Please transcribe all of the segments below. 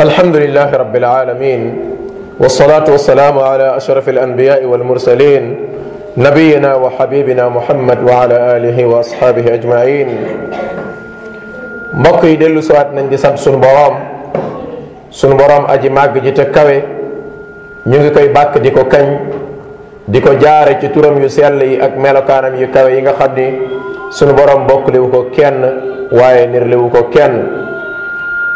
alhamdulilah rabil aalamiin wasalaatu wasalaamu ala ashraf alanbiyaai walmursalin nabiyina wa xabibina muhammad wa ala alihi wa asxaabihi ajmain mbokk yi dellu siwaat nañ di sant sunu boroom sunu boroom aji màgg ji te kawe ñu ngi koy bàkk di ko kañ di ko jaare ci turam yu sell yi ak melokaanam yu kawe yi nga xam ni sunu boroom bokkliwu ko kenn waaye nirliwu ko kenn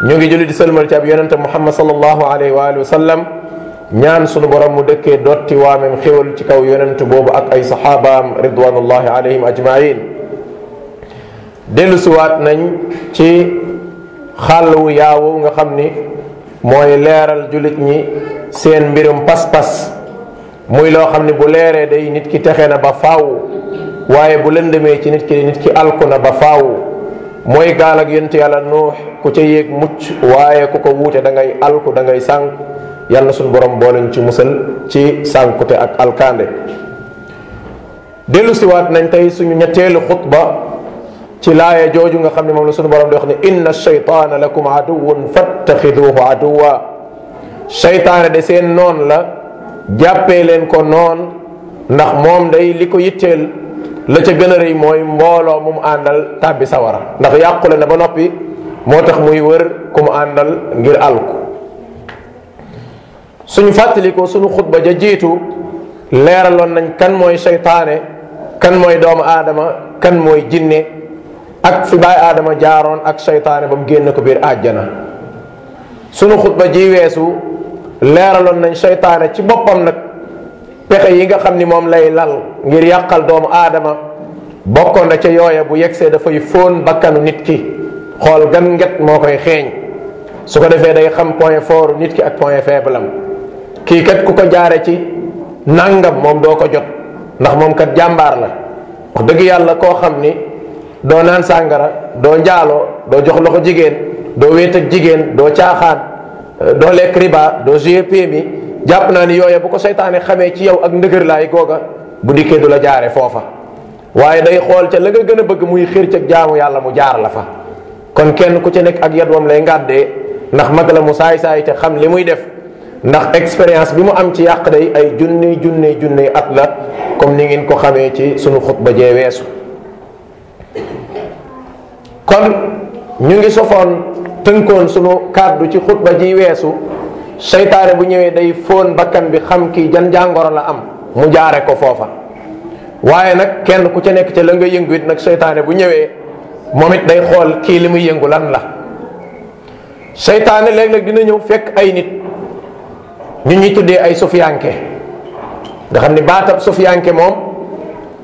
ñu ngi julli di sëlmal ci ab yonente muhammad sallallahu alayhi wa alihi wa sallam ñaan sunu borom mu dëkkee dotti mem xéwal ci kaw yonent boobu ak ay saxaabaam ridwanullahi alayhim ajmain dellu siwaat nañ ci xàll wu yaawu nga xam ni mooy leeral jullit ñi seen mbirum pas-pas muy loo xam ni bu leeree day nit ki texe na ba faw waaye bu lëndëmee ci nit ki nit ki alku na ba faw mooy gaal ak yonent yàlla nuux ku ca yéeg mucc waaye ku ko wuute da ngay alku da ngay sànk yàlla suñu borom booleñ ci musal ci sànkute ak alkaande dellu nañ tey suñu ñetteelu xutba ci laaya jooju nga xam ne moom la suñu borom di wax ne inna shaytaana lakum aduwun fattaxiduhu aduwa shaytaane de seen noon la jàppee leen ko noon ndax moom day li ko yitteel la ca gën a rëy mooy mbooloo mu mu àndal tàbbi sawara ndax yàqule na ba noppi moo tax muy wër ku mu àndal ngir alku suñu fàttalikoo suñu xutba ja jiitu leeraloon nañ kan mooy seytaane kan mooy doomu aadama kan mooy jinne ak fi baay aadama jaaroon ak seytaane ba mu génn ko biir àjjana suñu xutba ji weesu leeraloon nañ seytaane ci boppam nag pexe yi nga xam ni moom lay lal ngir yàqal doomu aadama bokkoon na ca yooya bu yegsee dafay fóon bakkanu nit ki xool gan nget moo koy xeeñ su ko defee day xam point fort nit ki ak point faible am kii kat ku ko jaare ci nangam moom doo ko jot ndax moom kat jàmbaar la wax dëgg yàlla koo xam ni doo naan sàngara doo njaaloo doo jox loxo jigéen doo wéet ak jigéen doo caaxaan doo lekk riba doo GPM yi jàpp naa ni yooya bu ko seytaanee xamee ci yow ak ndëgër laay googa bu dikkee du la jaare foofa waaye day xool ca la nga gën a bëgg muy xir ca jaamu yàlla mu jaar la fa kon kenn ku ci nekk ak yadwam lay ngàddee ndax mag la mu saay-saay ca xam li muy def ndax expérience bi mu am ci yàq day ay junni junni junni at la comme ni ngeen ko xamee ci sunu xutba jee weesu kon ñu ngi sofoon tënkoon sunu kàddu ci xutba ji weesu seytaane bu ñëwee day fóon bakkan bi xam kii jan jàngoro la am mu jaare ko foofa waaye nag kenn ku ci nekk ca la nga yëngu it nag seytaane bu ñëwee moom it day xool kii li muy yëngu lan la seytaane léeg-léeg dina ñëw fekk ay nit ñu ñuy tuddee ay sufiyanke nga xam ni baatab sufiyanke moom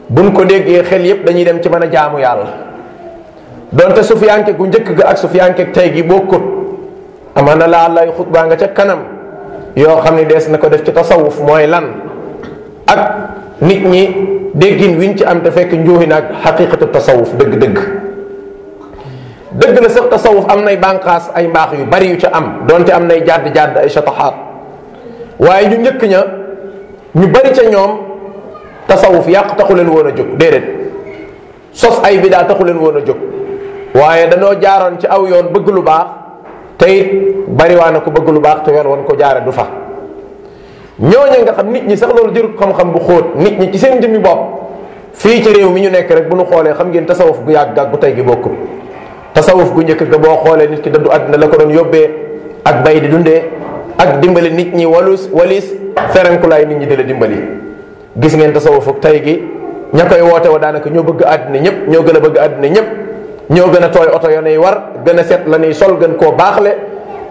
buñ ko déggee xel yépp dañuy dem ci mën a jaamu yàlla donte sufiyanke gu njëkk ga ak sufiyanke tey gi bokkut amaana laa lay xutbaa nga ca kanam yoo xam ne dees na ko def ci tasawuf mooy lan ak nit ñi déggin wiñ ci am te fekk njuuxi naag xaqiqatu tasawuf dëgg-dëgg dëgg na sax tasawuf am nay bànqaas ay mbaax yu bari yu ca am donte am nay jàdd jàdd ay shataxaat waaye ñu njëkk ña ñu bari ca ñoom tasawuf yàq taxu leen woon a jóg déedéet sos ay bidaa taxu leen woon a jóg waaye danoo jaaroon ci aw yoon bëgg lu baax te it bariwaa na ko bëgg lu baax te yoon wan ko jaare du fa ñooñu nga xam nit ñi sax loolu jërut xam-xam bu xóot nit ñi ci seen jëmmi bopp fii ci réew mi ñu nekk rek bu nu xoolee xam ngeen tasawuf gu yàgg ak bu tey gi bokkul tasawuf gu njëkk ga boo xoolee nit ki dëddu àddina la ko doon yóbbee ak bay di dundee ak dimbali nit ñi walus walis ferenkulaay nit ñi di la dimbali gis ngeen tasawuf ak tey gi ña koy woote wa daanaka ñoo bëgg àdduna ñëpp ñoo gën a bëgg àddina ñëpp ñoo gën a tooy oto ya nuy war gën a set la nuy sol gën koo baax le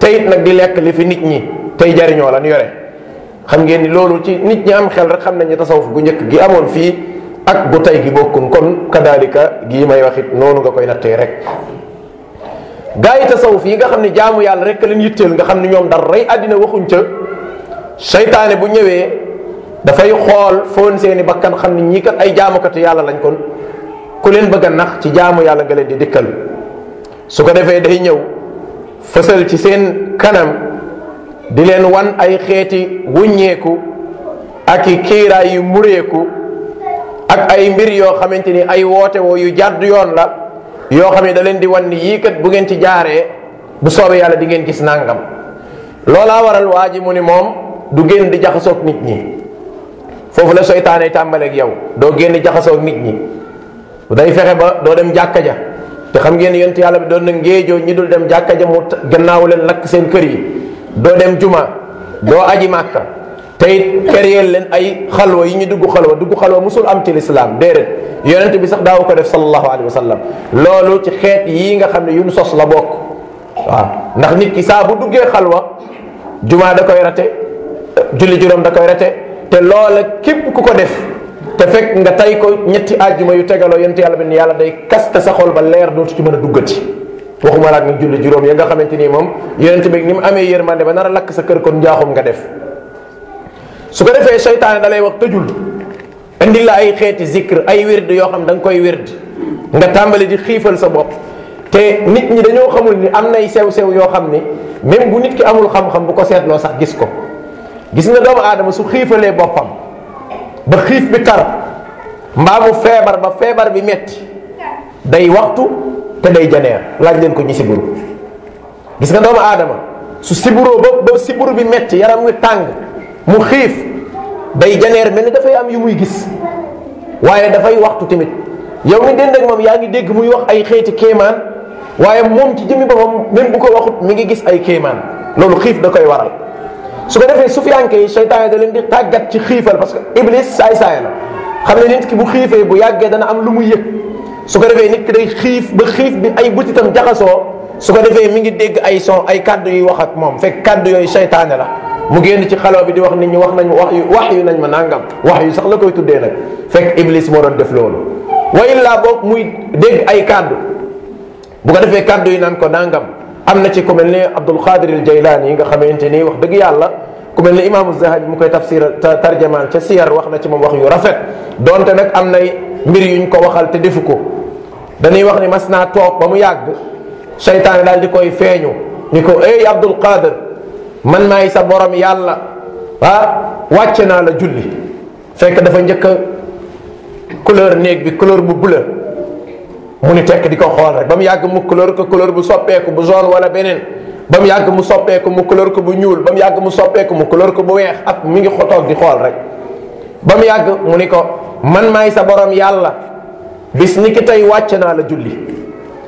it nag di lekk li fi nit ñi tey jariñoo lan yore xam ngeen ni loolu ci nit ñi am xel rek xam nañu tasawuf gu njëkk gi amoon fii ak bu tey gi bokkun kon kadaalika gii may wax it noonu nga koy nattee rek gaa yi tasawuf yi nga xam ne jaamu yàlla rek leen yitteel nga xam ne ñoom dara rey àddina waxuñ ca seytaane bu ñëwee dafay xool foon seeni bakkan xam ne ñii kat ay jaamukatu yàlla lañ kon ku leen bëgg a nax ci jaamu yàlla nga leen di dikkal su ko defee day ñëw fësal ci seen kanam di leen wan ay xeeti wuññeeku ak i kiiraay yu mureeku ak ay mbir yoo xamante ni ay woote woo yu jàdd yoon la yoo xam ne da leen di wan ni yii kat bu ngeen ci jaaree bu soobee yàlla di ngeen gis nangam loolaa waral waa ji mu ni moom du génn di jaxasook nit ñi foofu la seytaane tàmbaleeg yow doo génn jaxasook nit ñi day fexe ba doo dem jàkka ja te xam ngeen yonent yàlla bi doon na ngéejoo ñu dul dem jàkka ja mu gannaaw leen lakk seen kër yi doo dem juma doo aji màkka te it créer leen ay xalwa yi ñu dugg xalwa dugg xalwa musul am ci lislaam déedéet yonent bi sax daaw ko def sallallahu alayhi wa sallam loolu ci xeet yi nga xam ne yu ñu sos la bokk waaw ndax nit ki saa bu duggee xalwa jumaa da koy rate julli juróom da koy rate te loola képp ku ko def te fekk nga tay ko ñetti àjjuma yu tegaloo yent yàlla bi ni yàlla day kaste sa xol ba leer dootu ci mën a duggati waxuma laak nag julli juróom ya nga xamante nii moom yonent bi ni mu amee yërmande ba nar a lakk sa kër kon njaaxum nga def su ko defee seytaane da lay wax tëjul indi la ay xeeti zikr ay wird yoo xam da nga koy wird nga tàmbali di xiifal sa bopp te nit ñi dañoo xamul ni am nay sew-sew yoo xam ni même bu nit ki amul xam-xam bu ko seetloo sax gis ko gis nga doomu aadama su xiifalee boppam ba xiif bi tar mbaa feebar ba feebar bi metti day waxtu te day janeer laaj leen ko ñu siburu gis nga doomu aadama su siburoo ba ba siburu bi metti yaram wi tàng mu xiif day janeer mel ni dafay am yu muy gis waaye dafay waxtu tamit yow mi dend moom yaa ngi dégg muy wax ay xeeti kéemaan waaye moom ci jëmmi boppam même bu ko waxut mi ngi gis ay kéemaan loolu xiif da koy waral su ko defee sufiyanke yi seytaane da leen di tàggat ci xiifal parce que iblis saay-saay la xam ne nit ki bu xiifee bu yàggee dana am lu muy yëg su ko defee nit ki day xiif ba xiif bi ay butitam jaxasoo su ko defee mi ngi dégg ay son ay kaddu yuy wax ak moom fek kaddu yooyu seytaane la mu génn ci xaloo bi di wax nit ñi wax nañ ma wax yu nañ ma nangam wax yu sax la koy tuddee nag fekk iblis moo doon def loolu wa illaa boog muy dégg ay kaddu bu ko defee kaddu yi naan ko nangam am na ci ku mel ni Abdul Qadir al yi nga xamante ni wax dëgg yàlla ku mel ni imaamu Zahabi mu koy tafsir tarjamaan ca siyar wax na ci moom wax yu rafet donte nag am nay mbir yuñ ko waxal te defu ko dañuy wax ni mas naa toog ba mu yàgg seytaane daal di koy feeñu ni ko ey Abdul man maay sa borom yàlla ah wàcce naa la julli fekk dafa njëkk couleur néeg bi couleur bu bleu mu ni tekk di ko xool rek ba mu yàgg mu couleur ko couleur bu soppeeku bu jaune wala beneen ba mu yàgg mu soppeeku mu couleur ko bu ñuul ba mu yàgg mu soppeeku mu couleur ko bu weex ak mi ngi xotoog di xool rek ba mu yàgg mu ni ko man maay sa borom yàlla bis ni ki tey wàcce naa la julli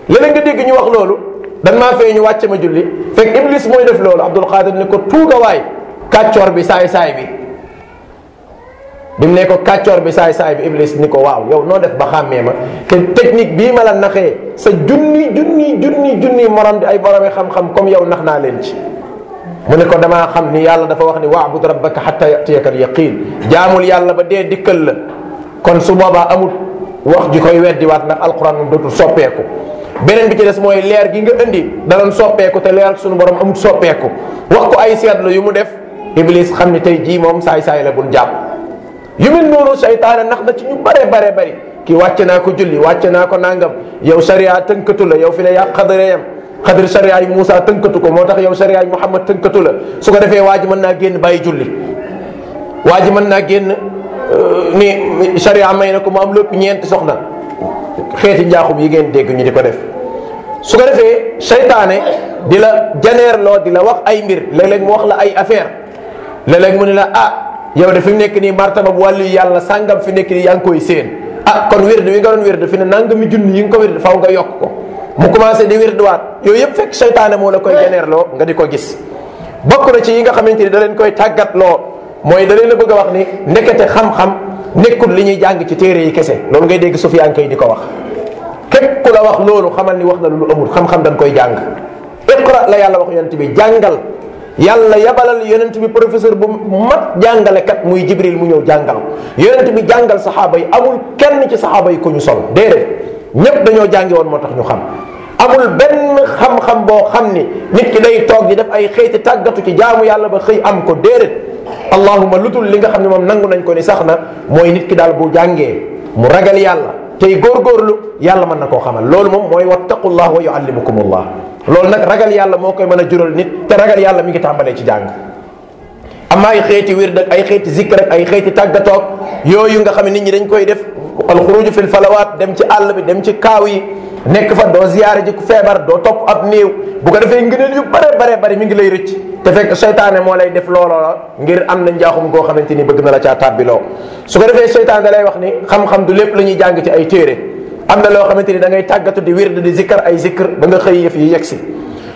léeg nga dégg ñu wax loolu dan maa fee ñu wàcce ma julli fekk iblis mooy def loolu abdul xaadir ni ko tuuga waay kàccoor bi saay saay bi bi mu ne ko kàccoor bi saay saay bi iblis ni ko waaw yow noo def ba xàmmee ma te technique bii ma la naxee sa junni junni junni junni morom di ay boromi xam-xam comme yow nax naa leen ci mu ne ko damaa xam ni yàlla dafa wax ni waabud rabbaka hatta yatiyaka al yaqin jaamul yàlla ba dee dikkal la kon su boobaa amul wax ji koy weddiwaat ndax alquran moom dootul soppeeku beneen bi ci des mooy leer gi nga indi danoon soppeeku te leer suñu borom amul soppeeku wax ko ay seetlu yu mu def iblis xam ni tey jii moom saay saay la bul jàpp yu mel noonu seytaane nax na ci ñu bare bare bari kii wàcc naa ko julli wàcc naa ko nangam yow sariya tënkatu la yow fi la yaa xadare yam xadir sariya yi Moussa tënkatu ko moo tax yow sariya yi Muhammad tënkatu la su ko defee waa mën naa génn bàyyi julli waa ji mën naa génn euh, ni sariya may na ko mu am lépp ñeenti soxna xeeti njaaxum yi ngeen dégg ñu di ko def su ko defee seytaane di la janeer loo di la wax ay mbir léeg-léeg mu wax la ay affaire léeg-léeg mu yow de fi mu nekk nii martaba bu wàllu yàlla sàngam fi nekk nii yaa ngi koy séen ah kon wérd wi nga doon wérd fi ne nangami junni yi nga ko wérd faaw nga yokk ko mu commencé di wérd waat yooyu yëpp fekk seytaane moo la koy geneerloo nga di ko gis bokk na ci yi nga xamante ni da leen koy tàggatloo mooy da leen a bëgg a wax ni ndekete xam-xam nekkul li ñuy jàng ci téere yi kese loolu ngay dégg sufiyaan yi di ko wax képp ku la wax loolu xamal ni wax na lu amul xam-xam koy jàng iqra yàlla wax yonent bi jàngal yàlla yabalal yonent bi professeur bu mat jàngalekat muy jibril mu ñëw jàngal yonent bi jàngal saxaaba yi amul kenn ci saxaaba yi ko ñu sol déedéet ñépp dañoo jàngi woon moo tax ñu xam amul benn xam-xam boo xam ni nit ki day toog di def ay xëyti tàggatu ci jaamu yàlla ba xëy am ko déedéet allahuma lu dul li nga xam ne moom nangu nañ ko ni sax na mooy nit ki daal bu jàngee mu ragal yàlla tey góorgóorlu yàlla mën na koo xamal loolu moom mooy wattaqullah wa yuallimukumullah loolu nag ragal yàlla moo koy mën a jural nit te ragal yàlla mi ngi tàmbalee ci jàng amma ay xeeti wird ak ay xeeti zikr ak ay xeeti tàggatoog yooyu nga xam ne nit ñi dañ koy def alxuruju fil falawaat dem ci àll bi dem ci kaaw yi nekk fa doo ziyaare ji feebar doo topp ab néew bu ko defee ngëneel yu bare bare bari mi ngi lay rëcc te fekk seytaane moo lay def looloo ngir am na njaaxum goo xamante ni bëgg na la caa tàbbiloo su ko defee seytaane da lay wax ni xam-xam du lépp la ñuy jàng ci ay téere am na loo xamante ni da ngay tàggatu di wird di zikkar ay zikkar ba xëy yëf yi yegsi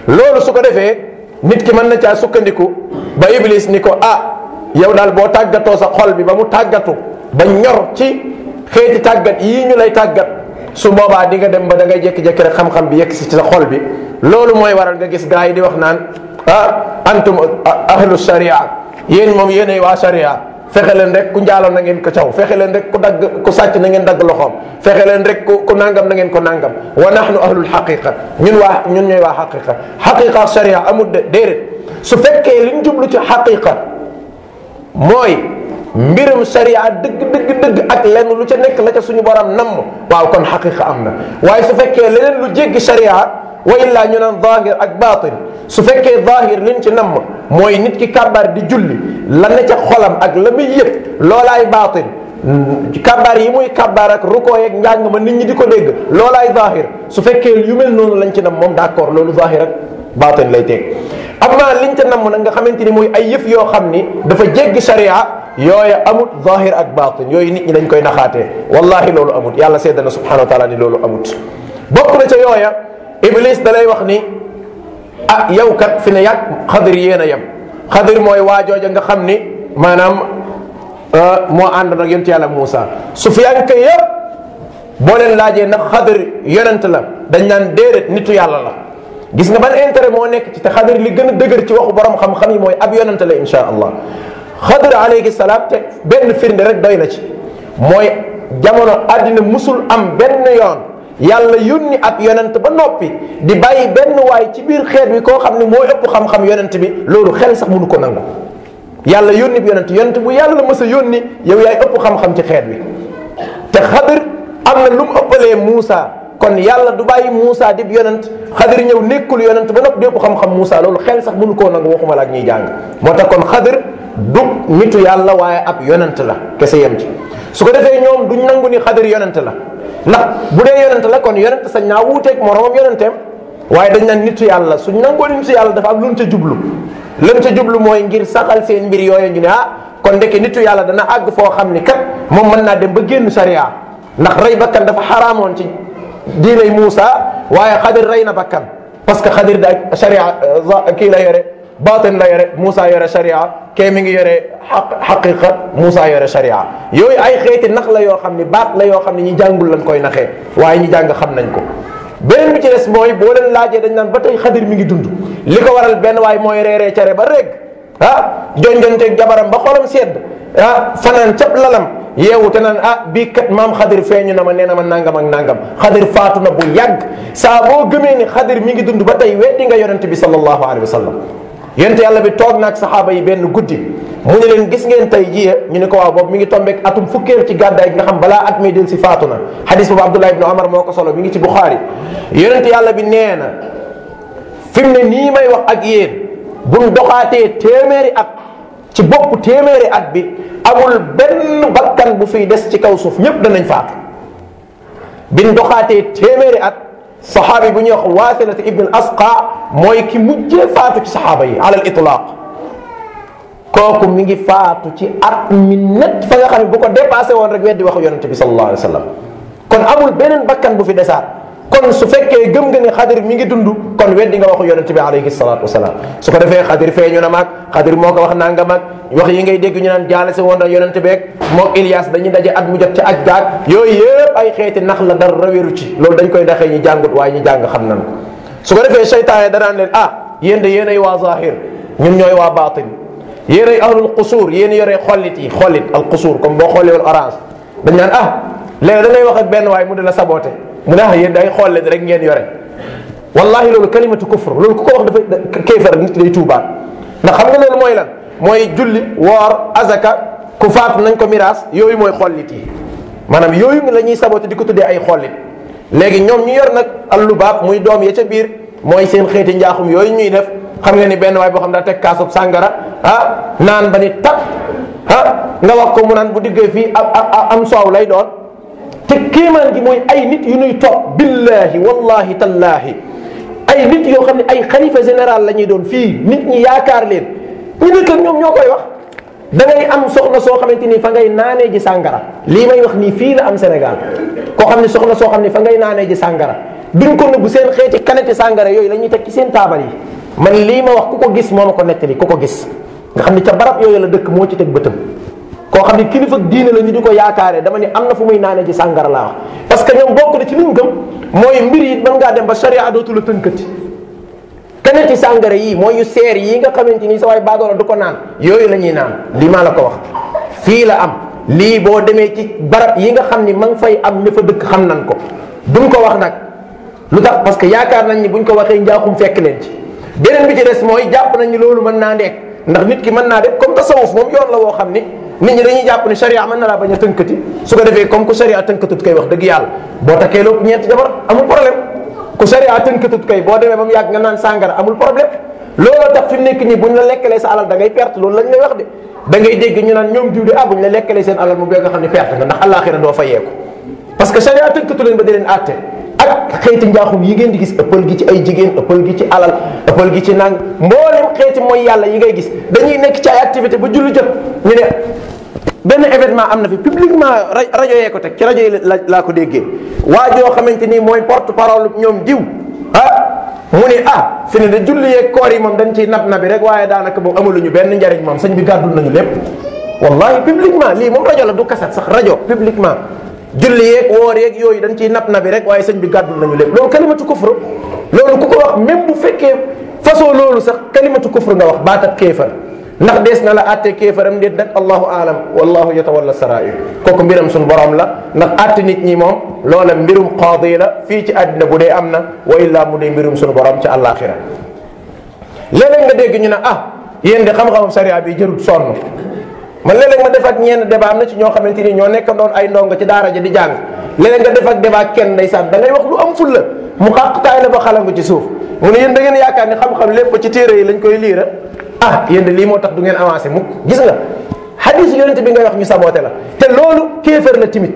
loolu su ko defee nit ki mën na caa sukkandiku ba iblis ni ko ah yow daal boo tàggatoo sa xol bi ba mu tàggatu ba ñor ci xeeti tàggat yii ñu lay tàggat su boobaa di nga dem ba da ngay jékki-jékki rek xam-xam bi yegg si ci sa xol bi loolu mooy waral nga gis gars yi di wax naan ah antum ahlu sharia yéen moom yéenay waa sharia fexe leen rek ku njaaloo na ngeen ko caw fexe leen rek ku dagg ku sàcc na ngeen dagg loxoom fexe leen rek ku ku nangam na ngeen ko nangam wa nahnu ahlul xaqiqa ñun waa ñun ñooy waa xaqiqa xaqiqa sharia amul de déedéet su fekkee liñ jublu ci xaqiqa mooy mbirum sharia dëgg dëgg dëgg ak lenn lu ca nekk la ca suñu borom namm waaw kon xaqiqa am na waaye su fekkee leneen lu jéggi sharia wa illaa ñu naan zahir ak baatin su fekkee zahir liñ ci namm mooy nit ki kàbbar di julli la ne ca xolam ak la muy yëg loolaay baatin kàbbaar yi muy kàbbaar ak ruko yeeg njàng ma nit ñi di ko dégg loolaay zahir su fekkee yu mel noonu lañ ci nam moom d'accord loolu zahir ak baatin lay teg amma liñ ca namm nag nga xamante ni muy ay yëf yoo xam ni dafa jéggi sharia yooya amut zahir ak baatin yooyu nit ñi dañ koy naxaatee wallahi loolu amut yàlla seddana subhanahu wa taala ni loolu amut bokk na ca yooya Iblis dalay wax ni ah yow kat fi ne yàgg xadir yéen a yem xadir mooy waajooja nga xam ni maanaam euh, moo àndoon ak yonent yàlla Moussa su fi yàgg kay yëpp boo leen laajee nag xadir yonent la dañ naan déedéet nitu yàlla la. gis nga ban intérêt moo nekk ci te xadir li gën a dëgër ci waxu borom xam-xam yi mooy ab yonent la insha allah xadir alayhi salaam te benn firnde rek doy na ci mooy jamono àddina musul am benn yoon. yàlla yónni ab yonent ba noppi di bàyyi benn waay ci biir xeet wi koo xam ne moo ëpp xam-xam yonent bi loolu xel sax mënu ko nangu yàlla yónni bi yonent yonent bu yàlla mës a yónni yow yaay ëpp xam-xam ci xeet wi te xadir am na lu mu ëppalee Muusa kon yàlla du bàyyi Muusa dib yonent xadir ñëw nekkul yonent ba noppi di ëpp xam-xam Muusa loolu xel sax mënu koo nangu waxuma la ak ñuy jàng moo tax kon xadir du nitu yàlla waaye ab yonent la kese yem su ko defee ñoom duñ nangu ni xadar yonent la ndax bu dee yonent la kon yonent sañ naa wuuteeg moromam yonenteem waaye dañ naan nitu yàlla suñ nangoo nitu yàlla dafa am lu mu ca jublu lëm ca jublu mooy ngir saxal seen mbir yooyu ñu ne ah, kon ndeke nitu yàlla dana àgg foo xam ni kat moom mën naa dem ba génn sariya ndax rey bakkan dafa xaraamoon ci diinay Muusa waaye xadir rey na bakkan parce que xadir daa sariya euh, kii la yore baatin la yore Moussa yore sharia kee mi ngi yore xaq xaqiqa Moussa yore sharia yooyu ay xeeti nax la yoo xam ni baat la yoo xam ne ñi jàngul lañ koy naxee waaye ñi jàng xam nañ ko beneen mi ci des mooy boo leen laajee dañ naan ba tey xadir mi ngi dund li ko waral benn waay mooy reeree cere ba rek ah jonjonteeg jabaram ba xolam sedd ah fanaan cab lalam yeewu te naan ah bii kat maam xadir feeñu na ma nee na ma nangam ak nangam xadir faatu na bu yàgg saa boo gëmee ni xadir mi ngi dund ba tey weddi nga yonent bi sallallahu alayhi wa sallam yonent yàlla bi toog naag saxaaba yi benn guddi mu ne leen gis ngeen tey jii ñu ne ko waaw boobu mi ngi tombeek atum fukkeel ci gàddaay nga xam balaa at mi del si faatu na xadis boobu Abdullah ibn Omar moo ko solo mi ngi ci Buxaari yonent yàlla bi nee na fi mu ne nii may wax ak yéen buñ doxaatee téeméeri at ci bopp téeméeri at bi amul benn bakkan bu fi des ci kaw suuf ñépp danañ faatu biñ doxaatee téeméeri at saxaabi bu ñuy wax waasilata ibn asqa mooy ki mujjee faatu ci saxaaba yi ala al itlaq kooku mi ngi faatu ci at mi net fa nga xam ne bu ko dépassé woon rek weddi waxu yonente bi sallallahu alayhi wa sallam kon amul beneen bakkan bu fi desaat kon su fekkee gëm nga ne xadir mi ngi dund kon weddi nga waxu yonente bi alayhi salaatu wasalaam su ko defee xadir feeñu na maag xadir moo ko wax naa nga maag wax yi ngay dégg ñu naan jaale si woon na yonente beeg moog Ilias dañuy daje at mu jot ci aj daag yooyu yëpp ay xeeti nax la dara wéru ci loolu dañ koy naxee ñi jàngut waaye ñi jàng xam nan ko su ko defee seytaane danaan leen ah yéen de yéen ay waa zahir ñun ñooy waa baatin yéen ay ahlul qusuur yéen yore xollit yi xollit al qusuur comme boo xolliwoon orange dañ naan ah léegi da ngay wax benn waay mu di la saboté mu ne ah day xollee rek ngeen yore wallahi loolu kalimatu kufr loolu ku ko wax dafa kéefar nit lay tuubaat ndax xam nga loolu mooy lan mooy julli woor azaka ku faatu nañ ko miraas yooyu mooy xollit yi maanaam yooyu la ñuy saboté di ko tuddee ay xollit léegi ñoom ñu yor nag allubaab muy doom ya ca biir mooy seen xeeti njaaxum yooyu ñuy def xam nga ni benn waay boo xam daa teg kaasub sàngara ah naan ba ni tap ah, nga wax ko mu naan bu diggee fii am am soow lay doon. te kéemaan gi mooy ay nit yu nuy topp billahi wallahi tallahi ay nit yoo xam ne ay xalifa général la ñuy doon fii nit ñi yaakaar leen ñu dëkk ak ñoom ñoo koy wax da ngay am soxna soo xamante ni fa ngay naanee ji sàngara lii may wax nii fii la am Sénégal koo xam ne soxna soo xam ne fa ngay naanee ji sàngara duñ ko nëbbu seen xeeti kaneti sàngara yooyu la ñuy teg ci seen taabal yi man lii ma wax ku ko gis moo ma ko nettali ku ko gis nga xam ne ca barab yooyu la dëkk moo ci teg bëtam koo xam ne kilifa diine la ñu di ko yaakaare dama ne am na fu muy naane ci sàngara laa wax parce que ñoom bokk na ci li ñu gëm mooy mbir yi mën ngaa dem ba sharia dootu la tënkati keneen ci sàngara yii mooy yu seer yii nga xamante ni sa waay baagoro du ko naan yooyu la ñuy naan lii maa la ko wax fii la am lii boo demee ci barab yi nga xam ni man fay am ña fa dëkk xam nan ko duñ ko wax nag lu tax parce que yaakaar nañ ni buñ ko waxee njaaxum fekk leen ci bi ci mooy jàpp nañ ni loolu mën naa nekk ndax nit ki mën naa def comme tasawuf moom yoon la woo xam ni nit ñi dañuy jàpp ni sharia mën na laa bañ a tënkati su ko defee comme ku sharia tënkatut kay wax dëgg yàlla boo takkee loolu ñeenti jabar amul problème ku sharia tënkatut kay boo demee ba mu yàgg nga naan sàngara amul problème looloo tax fi mu nekk nii buñ la lekkalee alal da ngay perte loolu lañ wax de da ngay dégg ñu naan ñoom diw de ah buñ la lekkalee alal mu bee nga xam ne perte nga ndax àllaaxira doo fayeeku parce que sharia leen ba di ak xeeti njaaxum yi ngeen di gis ëppal gi ci ay jigéen ëppal gi ci alal ëppal gi ci nang mboolem xeeti mooy yàlla yi ngay gis dañuy nekk ci ay activité ba julli jot ñu ne benn événement am na fi publiquement rajo yee ko teg ci rajo yi laa ko déggee waa joo xamante ni mooy porte parole ñoom diw ah mu ne ah fi ne da julli yeeg koor yi moom dañ ciy nab nabi rek waaye daanaka moom amaluñu benn njariñ moom sañ bi gàddul nañu lépp wallahi publiquement lii moom sax rajo publiquement julli yeeg woor yeeg yooyu dañ ciy nab nabi rek waaye sëñ bi gàddu nañu lépp loolu kalimatu kufru loolu ku ko wax même bu fekkee façon loolu sax kalimatu kufru nga wax baatab kéefar ndax dees na la àtte kéefaram déet nag allahu aalam wallahu yatawalla sarair kooku mbiram suñu borom la ndax àtte nit ñi moom loola mbirum qaadi la fii ci àddina bu dee am na wa illaa mu dee mbirum suñu borom ci àllaaxira léeg-léeg nga dégg ñu ne ah yéen de xam-xamam sariya bi man léeg-léeg ma def ak ñenn débat am na ci ñoo xamante ni ñoo nekk doon ay ndongo ci daara ja di jàng léeg-léeg nga def ak débat kenn ndeysaan da ngay wax lu am fulla mu xàqtaay la ba xalangu ci suuf mu ne yéen da ngeen yaakaar ni xam-xam lépp ci téere yi lañ koy liira ah yéen de lii moo tax du ngeen avancé mukk gis nga xadisu yonente bi ngay wax ñu saboote la te loolu kéefër la timit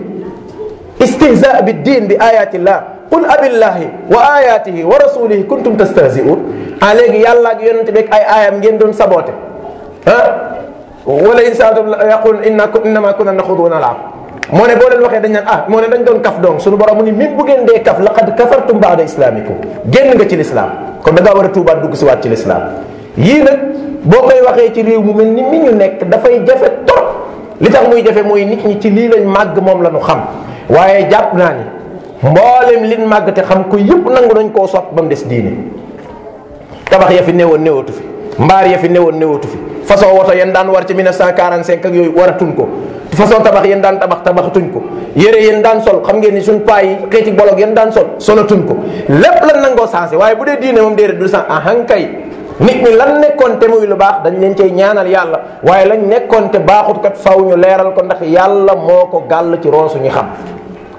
istihza bi diin bi ayatillah qul abillahi wa ayatihi wa rasulihi kuntum tastahzi'un ah léegi yàlla ak yonente bi ak ay ngeen doon saboote ah wala in saatum yaqul inna innama kunna naxudu wa nalaab moo ne boo leen waxee dañ naan ah moo ne dañ doon kaf donc suñu borom mu ni même bu ngeen dee kaf laqad kafartum baada islaamikum génn nga ci lislaam kon da war a tuubaat dugg waat ci lislaam yii nag boo koy waxee ci réew mu mel ni mi ñu nekk dafay jafe trop li tax muy jafe mooy nit ñi ci lii lañ màgg moom la ñu xam waaye jàpp naa ni mboolem liñ màgg te xam ko yëpp nangu nañ koo sot ba mu des diine tabax ya fi néewoon néewatu fi mbaar ya fi newoon newatu fi façon woto yéen daan war ci 1945 ak yooyu waratuñ ko façon tabax yéen daan tabax tabaxatuñ ko yére yéen daan sol xam ngeen ni suñ paa yi xeeti bolog yéen daan sol solatuñ ko lépp lan nangoo sensé waaye bu dee diine moom déedéet du sens ahankay nit ñi lan nekkoon te muy lu baax dañ leen cey ñaanal yàlla waaye lañ nekkoon te baaxut kat faw ñu leeral ko ndax yàlla moo ko gàll ci roosu ñu xam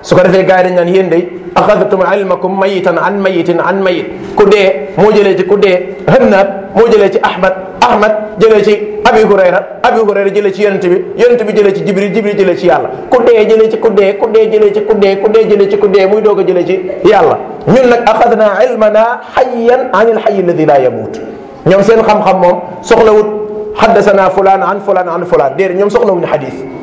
su ko defee gars yi dañ naan yéen day axadatum ilmakum mayitan an mayitin an mayit ku dee moo jëlee ci ku dee hannaat moo jëlee ci ahmad ahmad jëlee ci abi hurayra abi hurayra jëlee ci yonente bi yonente bi jëlee ci jibril jibril jëlee ci yàlla ku dee jëlee ci ku dee ku dee jëlee ci ku dee ku dee jëlee ci ku dee muy doog a jëlee ci yàlla ñun nag axadna ilmana xayyan an il xayi alladi laa yamuut ñoom seen xam-xam moom soxlawut xaddasana fulaan an fulaan an fulaan déedéet ñoom soxlawuñu xadis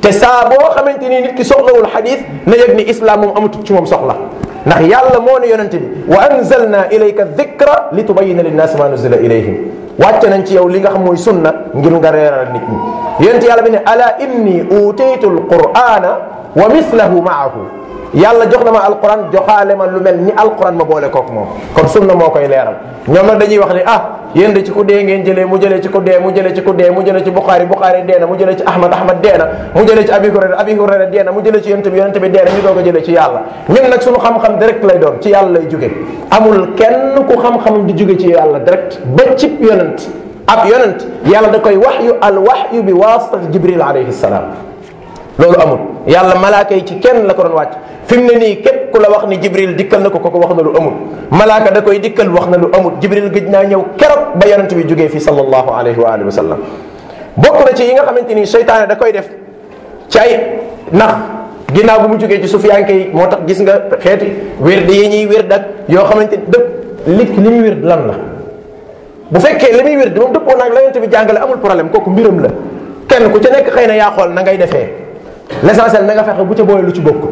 te saa boo xamante ni nit ki soxlawul xadis na yëg ni islam moom amatul ci moom soxla ndax yàlla moo ne yonente bi wa anzalna ilayka dikra li tubayina linnaasi ma nuzila ilayhim wàcce nañ ci yow li nga xam mooy sunna ngir nga reeral nit ñi yonente yàlla bi ne ala inni utaytu alqur'ana wa mislahu maahu yàlla jox na ma alquran joxaale ma lu mel ni alquran ma boole kook moom kon sunna moo koy leeral ñoom nag dañuy wax ne ah yéen ci ku dee ngeen jëlee mu jëlee ci ku dee mu jëlee ci ku dee mu jëlee ci buxaari buxaari dee na mu jëlee ci ahmad ahmad dee na mu jëlee ci abi hurayra abi hurayra dee na mu jëlee ci yonent bi yonent bi dee na ñu doog a jëlee ci yàlla ñun nag suñu xam-xam direct lay doon ci yàlla lay jóge amul kenn ku xam-xam di jóge ci yàlla direct ba cib yonent ab yonent yàlla da koy waxyu al waxyu bi waasita jibril alayhi salaam loolu amul yàlla malaaka yi ci kenn la ko doon wàcc fi mu ne nii képp ku la wax ni jibril dikkal na ko ko wax na lu amul malaaka da koy dikkal wax na lu amul jibril gëj naa ñëw keroog ba yonent bi jógee fii sallallahu alayhi wa alihi wa sallam bokk na ci yi nga xamante ni seytaane da koy def ci ay nax ginnaaw bu mu jógee ci sufiyanke yi moo tax gis nga xeeti wérd yi ñuy wérd ak yoo xamante ni dëpp likk li mu wérd lan la bu fekkee li muy wérd moom dëppoo naag la jàngale amul problème kooku mbiram la kenn ku ci nekk xëy na yaa xool na ngay defee l'essentiel na nga fexe bu ca boole lu ci bokk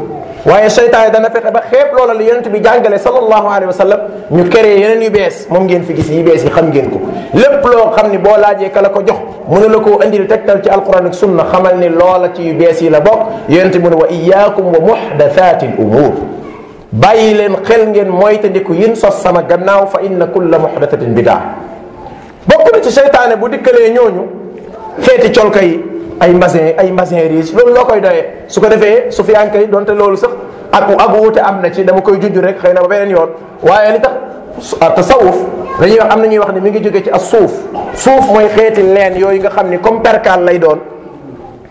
waaye seytaane dana fexe ba xeeb loola li yonent bi jàngale sallallahu alayhi wa sallam ñu créé yeneen yu bees moom ngeen fi gis yi bees yi xam ngeen ko lépp loo xam ni boo laajee ka la ko jox mënu la koo indil tegtal ci al ak sunna xamal ni loola ci yu bees yi la bokk yonent mu ne wa iyaakum wa muhdathati l umur bàyyi leen xel ngeen moytandiku yin sos sama gannaaw fa inna kulla muhdathatin bidaa bokk na ci seytaane bu dikkalee ñooñu xeeti colka yi ay mbasin ay mbasin riche loolu loo koy doyee su ko defee su fi ankay donte loolu sax ak ak wuute am na ci dama koy junj rek xëy na ba beneen yoon waaye li tax tasawuf dañuy wax am na ñuy wax ne mi ngi jógee ci as suuf suuf mooy xeeti leen yooyu nga xam ni comme perkaal lay doon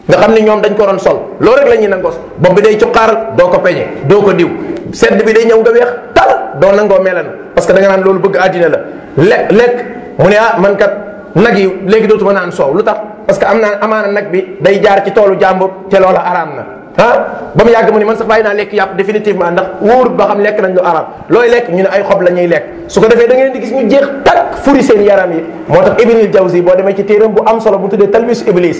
nga xam ni ñoom dañ ko doon sol loolu rek la ñuy nangos bopp bi day cuqaaral doo ko peñe doo ko diw sedd bi day ñëw nga weex tal doo nangoo melan parce que da naan loolu bëgg àddina la lekk mu ne ah man nag yi léegi dootuma naan soow lu tax parce que am naa amaana nag bi day jaar ci toolu jàmbur te loola araam na ah ba mu yàgg mu ne man sax bàyyi naa lekk yàpp définitivement ndax wóorut ba xam lekk nañ araam looy lekk ñu ne ay xob la ñuy lekk su ko defee da ngeen di gis ñu jeex takk furi seen yaram yi moo tax Ibnul Jawzi boo demee ci téeram bu am solo bu tuddee talbis iblis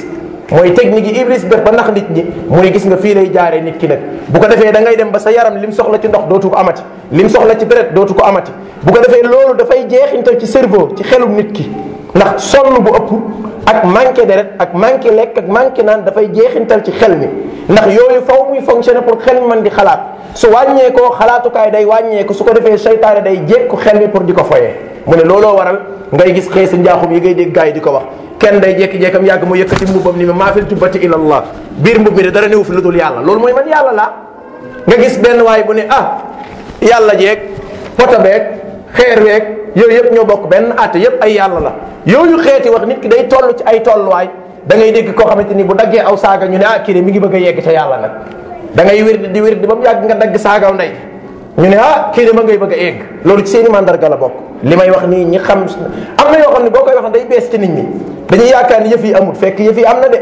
mooy technique yi iblis def ba nax nit ñi gis nga fii lay jaaree nit ki nag bu ko defee da ngay dem ba sa yaram lim soxla ci ndox dootu ko amati lim soxla ci deret dootu ko amati bu ko defee loolu dafay jeexintal ci cerveau ci xelum nit ki ndax sonn bu ëpp ak manqué deret ak manqué lekk ak manqué naan dafay jeexintal ci xel mi ndax yooyu faw muy fonctionner pour xel mi man di xalaat su wàññeekoo xalaatukaay day wàññeeku su ko defee seytaane day jékku xel mi pour di ko foyee mu ne looloo waral ngay gis xëy si njaaxum yi ngay dégg gars yi di ko wax kenn day jékki-jékkam yàgg mu yëkkati mbubbam ni ma maa fil jubbati ila allah biir mbub mi de dara newu fi lu dul yàlla loolu mooy man yàlla laa nga gis benn waay bu ne ah yàlla jeeg poto xeer week yooyu yëpp ñoo bokk benn àtte yëpp ay yàlla la yooyu xeeti wax nit ki day toll ci ay tolluwaay da ngay dégg koo xamante ni bu daggee aw saaga ñu ne ah kii mi ngi bëgg a yegg ca yàlla nag da wér di wér di mu yàgg nga dagg saagaw ndey ñu ne ah kii de ma ngay bëgg egg loolu ci seeni mandarga la bokk li may wax nii ñi xam am na yoo xam ne boo koy wax day bees ci nit ñi dañuy yaakaar ni yëf yi amul fekk yëf yi am na de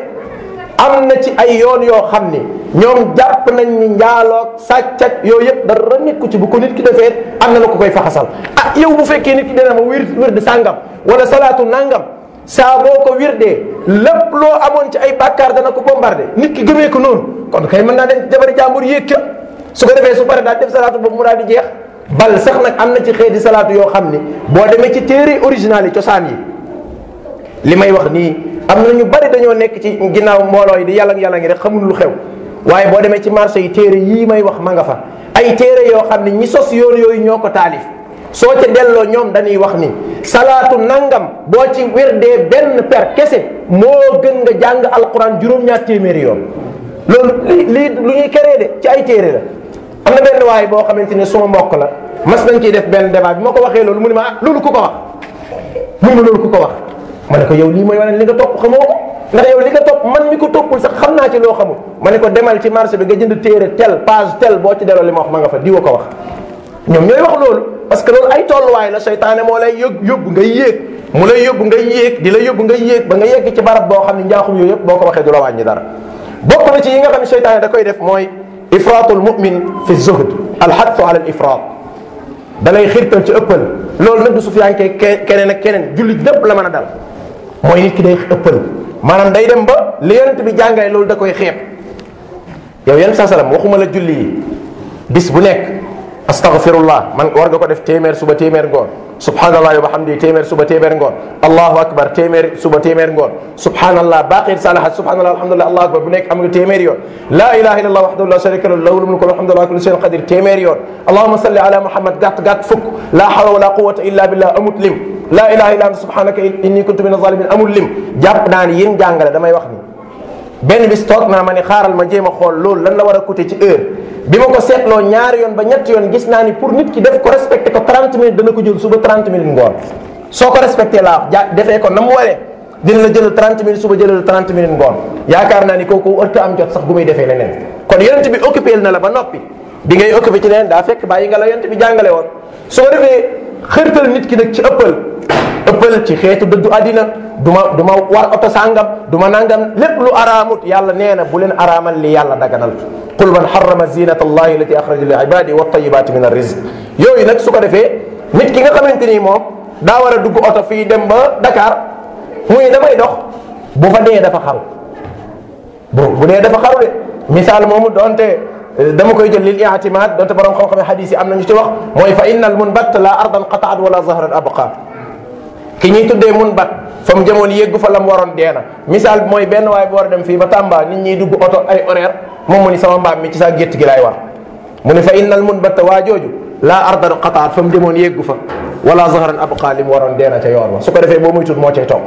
am na ci ay yoon yoo xam ni ñoom jàpp nañ ni njaaloog sàccac yooyu yëpp dara nekku ci bu ko nit ki defee am na la ko koy faxasal ah yow bu fekkee nit ki na ma wir wir di sangam wala salaatu nangam saa boo ko wirdee lépp loo amoon ci ay bàkkaar dana ko bombardé nit ki gëmee ko noonu kon kay mën naa dem jabari jàmbur yéeg ca su ko defee su pare daal def salaatu boobu mu daal di jeex bal sax nag am na ci xeeti salaatu yoo xam ni boo demee ci téere original yi cosaan yi li may wax nii am na ñu bari dañoo nekk ci ginnaaw mbooloo yi di yàlla yàlla ngi rek xamul lu xew waaye boo demee ci marché yi téere yii may wax ma nga fa ay téere yoo xam ne ñi sos yoon yooyu ñoo ko taalif soo ca delloo ñoom dañuy wax ni salaatu nangam boo ci wérdee benn per kese moo gën nga jàng alquran juróom-ñaar téeméeri yoon loolu lii lu ñuy keree de ci ay téere la am na benn waaye boo xamante ne suma mbokk la mas nañ ciy def benn débat bi ko waxee loolu mu ne ah, ma loolu ku ko wax mu ne ko wax ma ne ko yow lii mooy wane li nga topp xamoo ko ndax yow li nga topp man mi ko toppul sax xam naa ci loo xamul ma ne ko demal ci marché bi nga jënd téere tel page tel boo ci delloo li ma wax fa diwa ko wax ñoom ñooy wax loolu parce que loolu ay tolluwaay la seytaane moo lay yóg yóbbu ngay yéeg mu lay yóbbu nga yéeg di la yóbbu ngay yéeg ba nga yegg ci barab boo xam ne njaaxum yooyu yëpp boo ko waxee du la wàññi dara bokk na ci yi nga xam ne seytaane da koy def mooy ifraatul mumin fi zuhd alxattu ala al ifraat da lay xirtal ci ëppal loolu nag du sufiyaanke keneen ak keneen jullit lépp la mën a dal mooy nit ki day ëppal maanaam day dem ba li yonent bi jàngale loolu da koy xeeb yow yenn saa salaam waxuma la julli yi bis bu nekk astaghfirullah man war nga ko def téeméer suba téeméer ngoon subhanallah wa bihamdi téeméer suba téeméer ngoon allahu akbar téeméer suba téeméer ngoon subhanallah baqir salahat subhanallah alhamdulillah allahu akbar bu nekk am nga téeméer yoon laa ilaha illa allah wahdahu la sharika lahu lahul mulku walhamdulillah kulli shay'in qadir téeméer yoon allahumma salli ala muhammad gàtt gàtt fukk la hawla wala quwwata illa billah amut lim laa ilaha illa anta subhanaka inni kuntu min azalimin amul lim jàpp naa ni yéen jàngale damay wax ni benn bis toog naa ma ne xaaral ma jéem a xool loolu lan la war a coûter ci heure bi ma ko seetloo ñaari yoon ba ñetti yoon gis naa ni pour nit ki def ko respecté ko 30 minutes dana ko jël suba 30 minutes ngoon soo ko respecté laa ja defee ko na mu waree dina la jëlal 30 minutes suba jëlal 30 minutes ngoon yaakaar naa ni kooku ëtt am jot sax gu muy defee leneen kon yonent bi occupé na la ba noppi dinga i occupé ci leneen daa fekk bàyyi nga la yonent bi jàngale woon soo defee xërtal nit ki nag ci ëppal ëppal ci xeetu dëddu àddina du ma du ma war oto sàngam du ma nangam lépp lu araamut yàlla nee na bu leen araamal li yàlla daganal qul man harrama zinata allahi allati axraja li ibadi wa tayibati min arrizq yooyu nag su ko defee nit ki nga xamante nii moom daa war a dugg oto fii dem ba Dakar muy damay dox bu fa dee dafa xaru bu bu dee dafa xaru de misaal moomu doonte eh, dama koy jël lil i'timad doonte borom xam-xam hadis yi am nañu ci wax mooy fa inna al munbatt la ardan qataat wala zahran abqa ki ñuy tuddee mun bat fa mu jamoon yëggu fa la mu waroon dee na misaal bi mooy benn waay bu war a dem fii ba Tamba nit ñiy dugg oto ay horaire moom mu ni sama mbaam mi ci sa gétt gi laay war mu ne fa innal mun batta waa jooju laa ardan qataat fa mu moon yëggu fa wala zahran abqa li mu waroon deena na ca yoon wa su ko defee boo muy tuut moo cay topp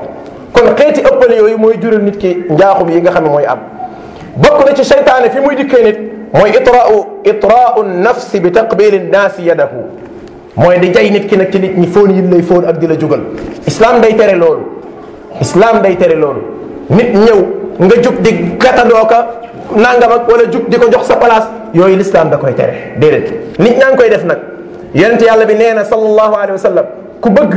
kon xeeti ëppale yooyu mooy jural nit ki njaaxum yi nga xam ne mooy am bokk na ci seytaane fi muy dikkee nit mooy itraau itraau nafsi bi taqbili naasi yadahu mooy di jay nit ki nag ci nit ñi fóon yi lay fóon ak di la jugal islam day tere loolu islam day tere loolu nit ñëw nga jug di gàttandoo ka nangam ak wala jug di ko jox sa place yooyu l'islam da koy tere déedéet nit ñaa ngi koy def nag yonent yàlla bi nee na sallallahu alayhi wa sallam ku bëgg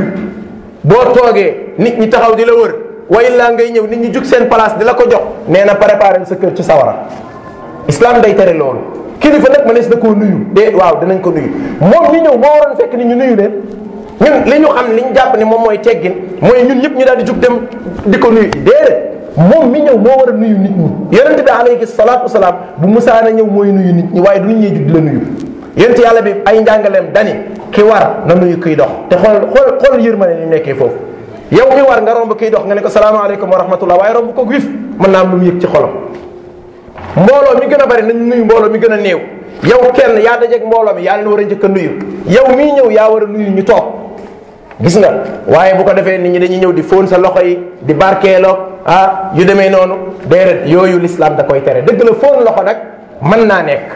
boo toogee nit ñi taxaw di la wër wa illaa ngay ñëw nit ñi jug seen place di la ko jox nee na préparer sa kër ci sawara islam day tere loolu kilifa nag ma nees na koo nuyu de waaw dinañ ko nuyu moom mi ñëw moo waroon fekk ni ñu nuyu leen ñun li ñu xam li ñu jàpp ne moom mooy teggin mooy ñun ñëpp ñu daal di jug dem di ko nuyu déedéet moom mi ñëw moo war a nuyu nit ñi yonent bi alayhi salaatu wasalaam bu musaana ñëw mooy nuyu nit ñi waaye du ñuy jug di la nuyu yonent yàlla bi ay njàngaleem dani ki war na nuyu kiy dox te xool xool xool yërmande ni nekkee foofu yow ki war nga romb kiy dox nga ne ko salaamaaleykum wa rahmatullah waaye romb ko giif mën am lu mu yëg mbooloo mi gën a bari nañ nuyu mbooloo mi gën a néew yow kenn yaa dajeeg mbooloo mi yaa leen war a njëkk a nuyu yow mii ñëw yaa war a nuyu ñu toog gis nga waaye bu ko defee nit ñi dañuy ñëw di fóon sa loxo yi di barkeeloo ah yu demee noonu déedéet yooyu lislaam da koy tere dëgg la fóon loxo nag mën naa nekk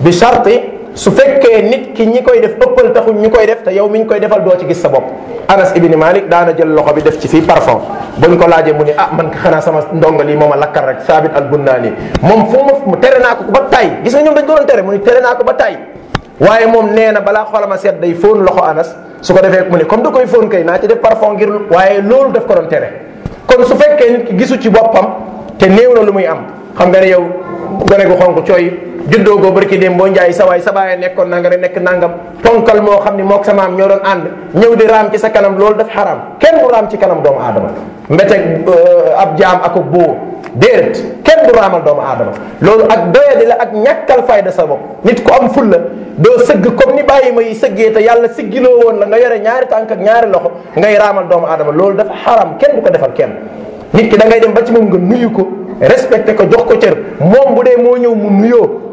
bi charte su fekkee nit ki ñi koy def ëppal taxul ñu koy def te yow mi ñu koy defal doo ci gis sa bopp Anas ibni Malik daana jël loxo bi def ci fii parfum buñ ko laajee mu ni ah man xanaa sama ndongo lii moom a lakkal rek Saabit al-Bunnaani moom fu ma tere naa ko ba tay gis nga ñoom dañ ko doon tere mu ni tere naa ko ba tay waaye moom nee na balaa xolama seet day fóon loxo Anas su ko defee mu ne comme da koy fóon kay naa ci def parfum ngir waaye loolu daf ko doon tere kon su fekkee gisu ci boppam te néew lu muy am xam nga ne yow gone gu xonk cooy juddoo ko barki dem boo njaay sa waay sa baay nekkoon nanga nekk nangam ponkal moo xam ni mook sa maam ñoo doon ànd ñëw di raam ci sa kanam loolu daf xaraam kenn du raam ci kanam doomu aadama mbeteg euh, ab jaam ak ak boo kenn du raamal doomu aadama loolu ak doyadi la ak ñàkkal fayda sa bopp nit ku am ful la doo sëgg comme ni bàyyi ma yi sëggee te yàlla siggiloo woon la nga yore ñaari tànk ak ñaari ngay raamal doomu aadama loolu dafa xaram kenn du ko defal kenn nit ki da ngay dem ba ci moom nga nuyu ko respecté ko jox ko cër moom bu dee moo ñëw mu nuyoo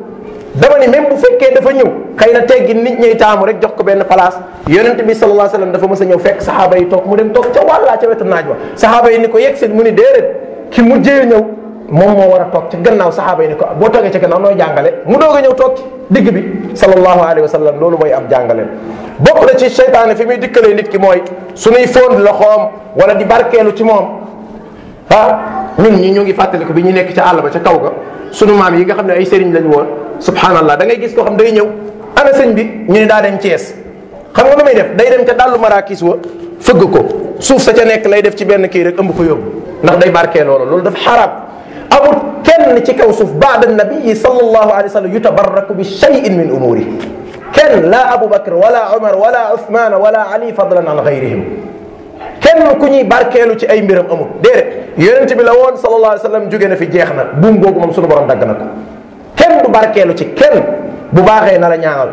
dama ni même bu fekkee dafa ñëw xëy na teggi nit ñay taamu rek jox ko benn place yonent bi sallallahu alayhi dafa mës a ñëw fekk saxaaba yi toog mu dem toog ca wàllaa ca wetu naaj wa saxaaba yi ni ko yegg si mu ni déedéet ki mujjee ñëw moom moo war toog ca gannaaw saxaaba yi ni ko boo toogee ca gannaaw nooy jàngale mu doog a ñëw toog ci digg bi sallallahu alayhi wasallam loolu mooy am jàngale bokk na ci seytaane fi muy dikkalee nit ki mooy suñuy fóon loxoom wala di barkeelu ci moom ah ñun ñi ñu ngi fàttaliku bi ñu nekk ca àll ba ca kaw ga sunu maam yi nga xam ne ay sëriñ lañu woon subhanallah da ngay gis koo xam day ñëw ana sëñ bi ñu ne daa dem Thiès xam nga lu muy def day dem ca dàllu marakis wa fëgg ko suuf sa ca nekk lay def ci benn kii rek ëmb ko yóbbu ndax day barkee loolu loolu dafa xaraam amul kenn ci kaw suuf baada nabii sallallahu alayhi wa sallam yutabarraku bi shay'in min umuri kenn la Abu Bakr wala Omar wala Ousmane wala Ali fadlan an gayrihim kenn ku ñuy barkeelu ci ay mbiram amul déedéet yonent bi la woon sallallahu alayhi wa sallam jóge na fi jeex na buum googu moom sunu borom dagg na ko kenn du barkeelu ci kenn bu baaxee na la ñaanal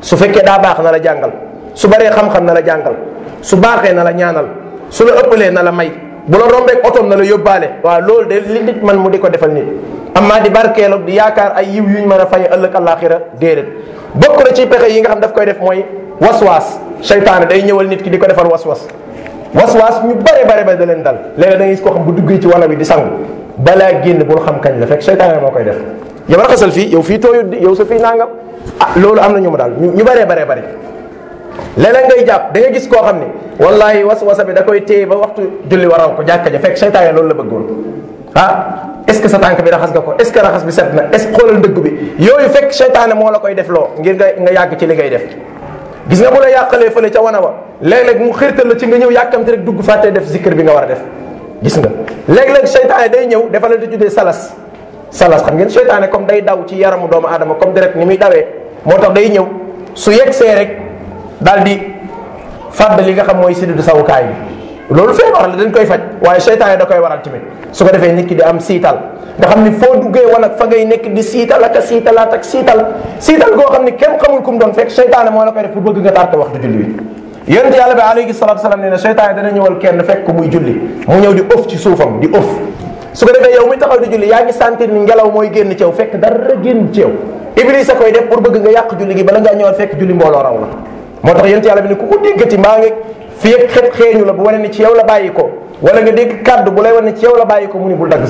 su fekkee daa baax na la jàngal su baree xam-xam na la jàngal su baaxee na la ñaanal su la ëppalee na la may bu la rombeek otoom na la yóbbaale waaw loolu de li nit man mu di ko defal nit amaa di barkeelu di yaakaar ay yiw yuñ mën a fay ëllëg àllaaxira déedéet bokk na ci pexe yi nga xam daf koy def mooy waswaas seytaane day ñëwal nit ki di ko defal waswas waswaas ñu bare bare bare da leen dal léegi da ngay gis koo xam bu duggee ci wala bi di sangu balaa génn bul xam kañ la fekk seytaane moo koy def yow raxasal fii yow fii tooyut ah, loolu am na ñu ma daal ñu bare bare bare leneen ngay jàpp da nga gis koo xam ne wallahi waswasa bi da koy téye ba waxtu julli waral ko jàkka ja fekk seytaane loolu la bëggoon ah est ce bi raxas nga ko est ce bi set na est ce que xoolal dëgg bi la koy def loo ngir nga nga yàgg ci li ngay def gis nga bu la yàqalee fële ca wana wa léeg-léeg mu xërtal la ci nga ñëw yàkkamte rek dugg fàttee def zikr bi nga war a def gis nga léeg-léeg seytaane day ñëw dafa la di tuddee salas salas xam ngeen seytaane comme day daw ci yaramu doomu aadama comme rek ni muy dawee moo tax day ñëw su yegsee rek daal di fàdd li nga xam mooy siddu sawukaay bi loolu feebar la dañ koy faj waaye seytaane da koy waral tamit su ko defee nit ki di am siital nga xam ni foo duggee wala fa ngay nekk di siital ak a siitalaat ak siital siital goo xam kenn xamul ku mu doon fekk seytaane moo la koy def bëgg nga tarte waxtu julli bi yonent yàlla bi alayhi salaatu salaam nee na seytaane dana ñëwal kenn fekk muy julli mu ñëw di ëf ci suufam di ëf su ko defee yow muy taxaw di julli yaa ngi sentir ni ngelaw mooy génn ci yow fekk dara génn ci yow Iblis a koy def pour bëgg nga yàq julli gi bala ngaa ñëwaat fekk julli mbooloo raw la moo tax yonent yàlla bi ne ku ko déggati maa ngi fii ak xet xeeñu la bu wane ni ci yow la bàyyi ko wala nga dégg kàddu bu lay wane ni ci yow la bàyyi ko mu ni bul dagg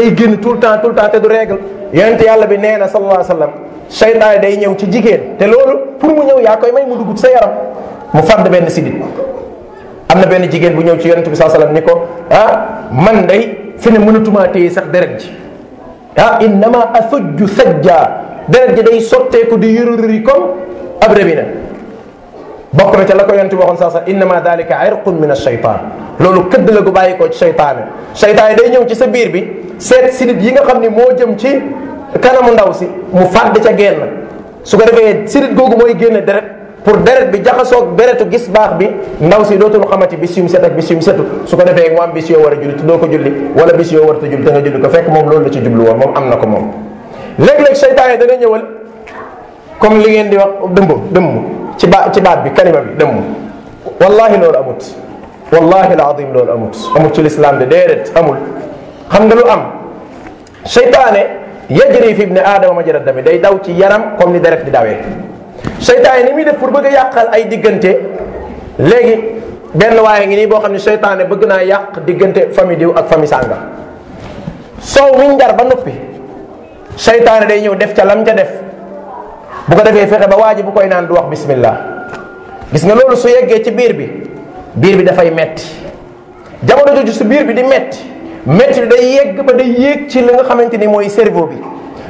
génn tout le temps tout le temps te du règle yonent yàlla seytaane day ñëw ci jigéen te loolu pour mu ñëw yaa koy may mu dugg sa yaram mu fàdd benn sidit am na benn jigéen bu ñëw ci yonent bi saa ni ko ah man day fi ne mënatumaa téye sax deret ji ah innama asujju sajja deret ji day sotteeku di yururi comme ab rabina bokk na ca la ko yonent bi waxoon saa sax innama dalika irqun min ashaytan loolu këdd la gu bàyyi ko ci seytaane seytaane day ñëw ci sa biir bi seet sidit yi nga xam ni moo jëm ci kanamu ndaw si mu fàdd ca génn su ko defee sirit googu mooy génne deret pour deret bi jaxasoog deretu gis baax bi ndaw si dootul xamati bis yu mu set ak bis yu mu su ko defee mu am bis yoo war a julli te doo ko julli wala bis yoo warta julli te nga julli ko fekk moom loolu la ci jublu woon moom am na ko moom léeg-léeg seytaane dana ñëwal comme li ngeen di wax dëmb dëmb ci ba ci baat bi kalima bi dëmb wallahi loolu amut wallahi alazim loolu amut amut ci lislaam de déedéet amul xam nga lu am seytaane yajri fi ibni aadama majra dami day daw ci yaram comme ni deret di dawee seytaane ni muy def pour bëgg a yàqal ay diggante léegi benn waaye ngi nii boo xam ne seytaane bëgg naa yàq diggante famille diw ak famille sànga soow miñ dar ba noppi seytaane day ñëw def ca lam ca def bu ko defee fexe ba waa ji bu koy naan du wax bismillah gis nga loolu su yeggee ci biir bi biir bi dafay metti jamono jooju su biir bi di metti métti bi day yegg ba day yéeg ci li nga xamante ni mooy cerveau bi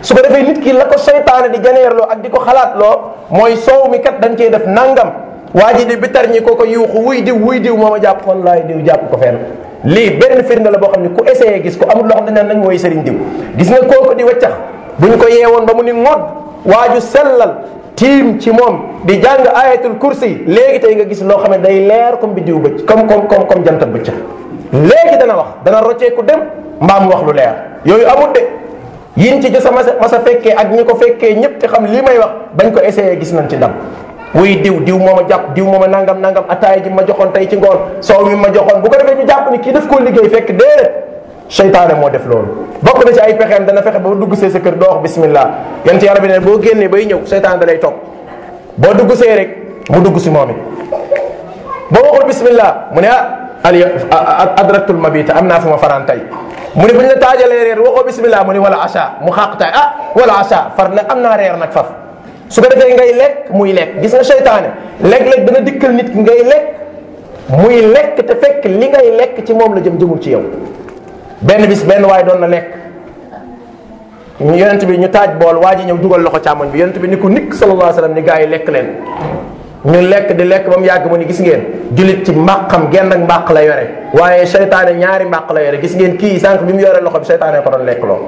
su ko defee nit ki la ko seytaane di janeerloo ak di ko xalaat loo mooy soow mi kat dañ koy def nangam waa ji di bitar ñi ko ko yuuxu wuy diw wuy diw moom a jàpp wallaay diw jàpp ko fenn lii benn firnde la boo xam ne ku essayé gis ko amul loo xam ne naan nañ mooy sëriñ diw gis nga kooku di waccax buñ ko yeewoon ba mu ni ngod waaju sellal tiim ci moom di jàng ayatul kursi léegi tey nga gis loo xam ne day leer comme bi diw bëcc comme comme comme comme jantab bëcc léegi dana wax dana rocceeku dem mbaa mu wax lu leer yooyu amul de yin ci sa masa masa fekkee ak ñi ko fekkee ñëpp te xam lii may wax bañ ko essayé gis nañ ci ndam wuy diw diw mooma jàpp diw mooma nangam nangam ataaya ji ma joxoon tey ci ngoon soow mi ma joxoon bu ko defee ñu jàpp ni kii daf koo liggéey fekk déedéet seytaane moo def loolu bokk na ci ay pexeem dana fexe ba dugg see sa kër doo wax bismillah yan ci yàlla bi ne boo génnee bay ñëw seytaane boo dugg see rek mu dugg si moom ali adraktul mabita am naa fu ma fanaan mu ne bu ñu la taajalee reer waxoo bismillah mu ne wala acha mu xaq tay ah, wala acha far nag am naa reer nag faf su ko defee ngay lekk muy lekk gis nga seytaane léeg-léeg dana dikkal nit ki ngay lekk muy lekk te fekk li ngay lekk ci moom la jëm jëmul ci yow benn bis benn waaye doon na lekk yonent bi ñu taaj bool waa ji ñëw dugal loxo càmmoñ bi yonent bi ni ko nikk sallallahu alayhi ni gaa yi lekk leen ñu lekk di lekk ba mu yàgg mu ni gis ngeen jullit ci xam genn ak mbàq la yore waaye seytaane ñaari mbàq la yore gis ngeen kii sànq bi mu yore loxo bi seytaane ko doon lekk loo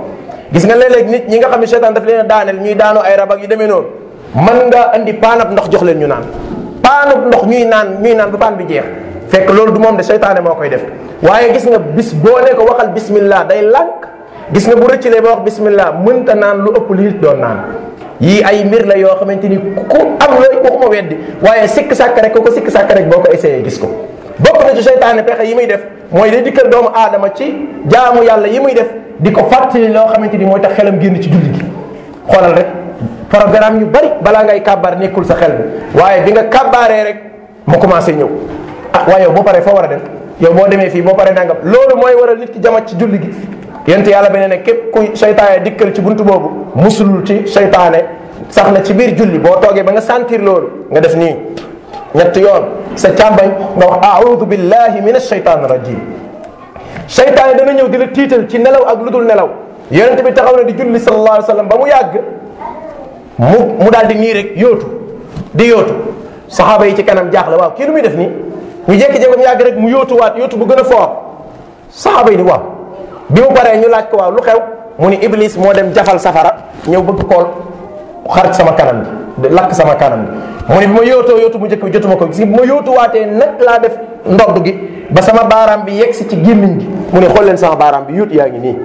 gis nga léeg-léeg nit ñi nga xam ne seytaane daf leen a daaneel ñuy daanoo ay rab ak yu deme noonu man nga indi paanab ndox jox leen ñu naan paanab ndox ñuy naan ñuy naan ba paan bi jeex fekk loolu du moom de seytaane moo koy def waaye gis nga bis boo ne ko waxal bismillah day lànk gis nga bu rëccilee ba wax bismillah mënta naan lu ëpp li doon naan yii ay mbir la yoo xamante ni ku am looy waxuma weddi waaye sikk sàkk rek ku ko sikk sàkk rek boo ko essayé gis ko bokk na ci seytaane pexe yi muy def mooy day dikka doomu aadama ci jaamu yàlla yi muy def di ko fàttali loo xamante ni mooy tax xelam génn ci julli gi xoolal rek programme yu bari balaa ngay kàbbaar nekkul sa xel bi waaye bi nga kàbbaaree rek mu commencé ñëw ah waaye yow boo paree foo war a dem yow boo demee fii boo paree nangam loolu mooy waral nit ki jamat ci julli gi yent yàlla bi ne ne képp ku seytaane dikkal ci buntu boobu musulul ci seytaane sax na ci biir julli boo toogee ba nga sentir loolu nga def nii ñett yoon sa càmbañ nga wax aoudu billahi min asheytan rajim seytaane dana ñëw di tiital ci nelaw ak lu nelaw yonent bi taxaw na di julli sallallahu wa sallam ba mu yàgg mu daal di nii rek yóotu di yootu saxaaba yi ci kanam jaaxle waaw kii lu muy def nii ñu jékki-jékki mu yàgg rek mu yóotuwaat yootu bu gën a foor saxaaba yi ni waaw bi mu paree ñu laaj ko waaw lu xew mu ni Iblis moo dem jafal safara ñëw bëgg kool xarit sama kanam bi lakk sama kanam bi mu ni bi ma yootoo yootu mu njëkk bi jotuma ko si bi yootuwaatee nag laa def ndodd gi sama baaraam bi yegg si ci gémmiñ gi mu ne xool leen sama baaraam bi yuut yaa ngi nii